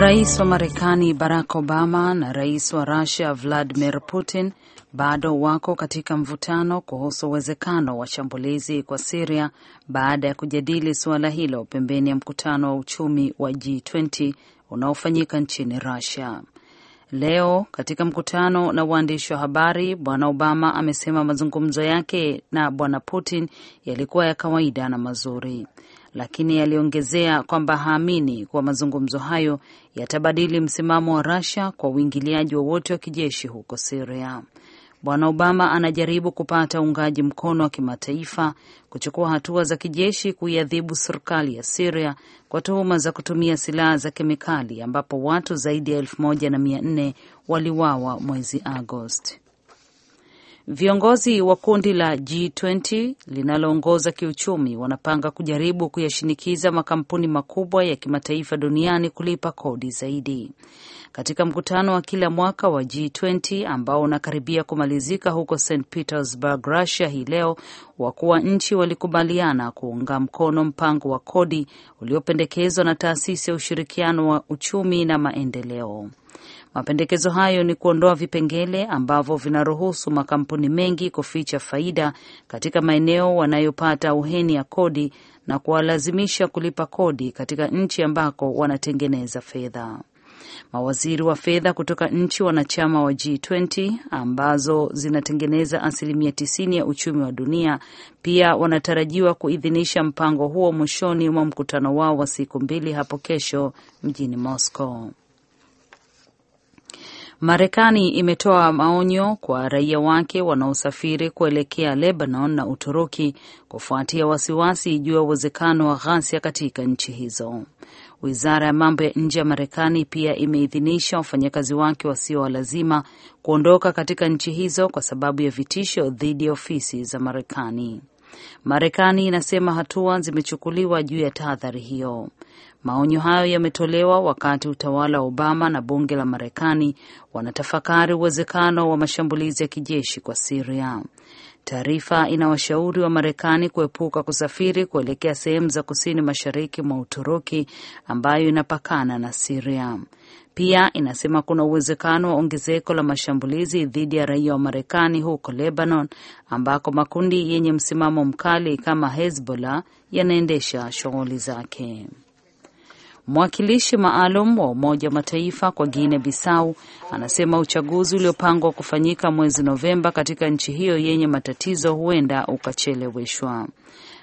Rais wa Marekani Barack Obama na rais wa Rusia Vladimir Putin bado wako katika mvutano kuhusu uwezekano wa shambulizi kwa Siria baada ya kujadili suala hilo pembeni ya mkutano wa uchumi wa G20 unaofanyika nchini Rusia. Leo katika mkutano na waandishi wa habari, bwana Obama amesema mazungumzo yake na bwana Putin yalikuwa ya kawaida na mazuri, lakini aliongezea kwamba haamini kuwa mazungumzo hayo yatabadili msimamo wa Russia kwa uingiliaji wowote wa, wa kijeshi huko Syria. Bwana Obama anajaribu kupata uungaji mkono wa kimataifa kuchukua hatua za kijeshi kuiadhibu serikali ya siria kwa tuhuma za kutumia silaha za kemikali ambapo watu zaidi ya elfu moja na mia nne waliwawa mwezi Agosti. Viongozi wa kundi la G20 linaloongoza kiuchumi wanapanga kujaribu kuyashinikiza makampuni makubwa ya kimataifa duniani kulipa kodi zaidi. Katika mkutano wa kila mwaka wa G20 ambao unakaribia kumalizika huko St Petersburg, Russia hii leo, wakuu wa nchi walikubaliana kuunga mkono mpango wa kodi uliopendekezwa na taasisi ya ushirikiano wa uchumi na maendeleo. Mapendekezo hayo ni kuondoa vipengele ambavyo vinaruhusu makampuni mengi kuficha faida katika maeneo wanayopata uheni ya kodi na kuwalazimisha kulipa kodi katika nchi ambako wanatengeneza fedha. Mawaziri wa fedha kutoka nchi wanachama wa G20 ambazo zinatengeneza asilimia 90 ya uchumi wa dunia pia wanatarajiwa kuidhinisha mpango huo mwishoni mwa mkutano wao wa siku mbili hapo kesho mjini Moscow. Marekani imetoa maonyo kwa raia wake wanaosafiri kuelekea Lebanon na Uturuki kufuatia wasiwasi juu ya uwezekano wa ghasia katika nchi hizo. Wizara ya mambo ya nje ya Marekani pia imeidhinisha wafanyakazi wake wasio lazima kuondoka katika nchi hizo kwa sababu ya vitisho dhidi ya ofisi za Marekani. Marekani inasema hatua zimechukuliwa juu ya tahadhari hiyo. Maonyo hayo yametolewa wakati utawala wa Obama na bunge la Marekani wanatafakari uwezekano wa mashambulizi ya kijeshi kwa Siria. Taarifa inawashauri wa Marekani kuepuka kusafiri kuelekea sehemu za kusini mashariki mwa Uturuki ambayo inapakana na Siria. Pia inasema kuna uwezekano wa ongezeko la mashambulizi dhidi ya raia wa Marekani huko Lebanon, ambako makundi yenye msimamo mkali kama Hezbollah yanaendesha shughuli zake. Mwakilishi maalum wa Umoja wa Mataifa kwa guine Bissau anasema uchaguzi uliopangwa kufanyika mwezi Novemba katika nchi hiyo yenye matatizo huenda ukacheleweshwa.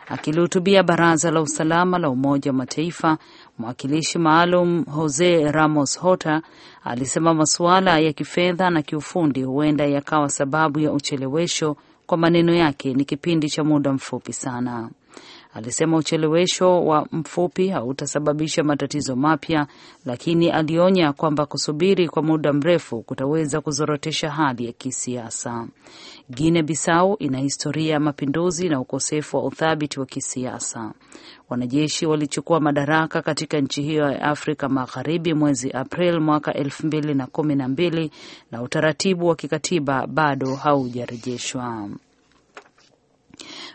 Akilihutubia baraza la usalama la Umoja wa Mataifa, mwakilishi maalum Jose Ramos Horta alisema masuala ya kifedha na kiufundi huenda yakawa sababu ya uchelewesho. Kwa maneno yake, ni kipindi cha muda mfupi sana. Alisema uchelewesho wa mfupi hautasababisha matatizo mapya, lakini alionya kwamba kusubiri kwa muda mrefu kutaweza kuzorotesha hali ya kisiasa. guine bisau ina historia ya mapinduzi na ukosefu wa uthabiti wa kisiasa. Wanajeshi walichukua madaraka katika nchi hiyo ya Afrika Magharibi mwezi April mwaka elfu mbili na kumi na mbili na utaratibu wa kikatiba bado haujarejeshwa.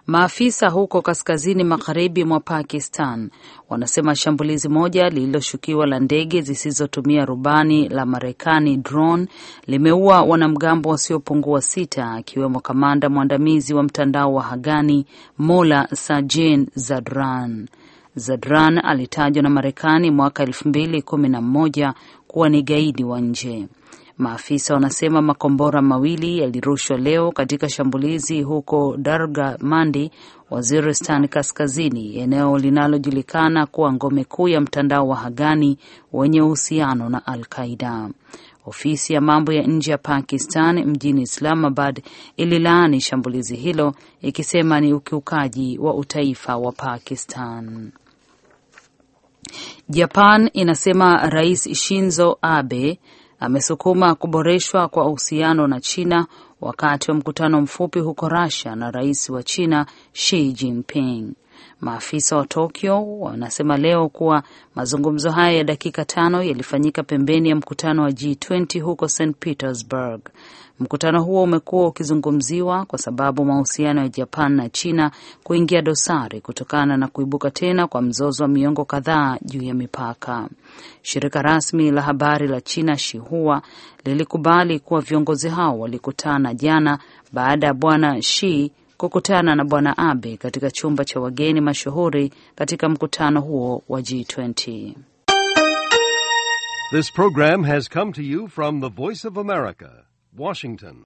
Maafisa huko kaskazini magharibi mwa Pakistan wanasema shambulizi moja lililoshukiwa la ndege zisizotumia rubani la Marekani drone limeua wanamgambo wasiopungua sita, akiwemo kamanda mwandamizi wa mtandao wa Hagani Mola Sajen Zadran. Zadran alitajwa na Marekani mwaka 211 kuwa ni gaidi wa nje. Maafisa wanasema makombora mawili yalirushwa leo katika shambulizi huko Darga Mandi, Waziristan Kaskazini, eneo linalojulikana kuwa ngome kuu ya mtandao wa Hagani wenye uhusiano na Al Qaida. Ofisi ya mambo ya nje ya Pakistan mjini Islamabad ililaani shambulizi hilo ikisema ni ukiukaji wa utaifa wa Pakistan. Japan inasema Rais Shinzo Abe amesukuma kuboreshwa kwa uhusiano na China wakati wa mkutano mfupi huko Russia na rais wa China Xi Jinping. Maafisa wa Tokyo wanasema leo kuwa mazungumzo haya ya dakika tano yalifanyika pembeni ya mkutano wa G20 huko St Petersburg. Mkutano huo umekuwa ukizungumziwa kwa sababu mahusiano ya Japan na China kuingia dosari kutokana na kuibuka tena kwa mzozo wa miongo kadhaa juu ya mipaka. Shirika rasmi la habari la China Shihua lilikubali kuwa viongozi hao walikutana jana baada ya bwana Shi kukutana na Bwana Abe katika chumba cha wageni mashuhuri katika mkutano huo wa G20. This program has come to you from the Voice of America, Washington.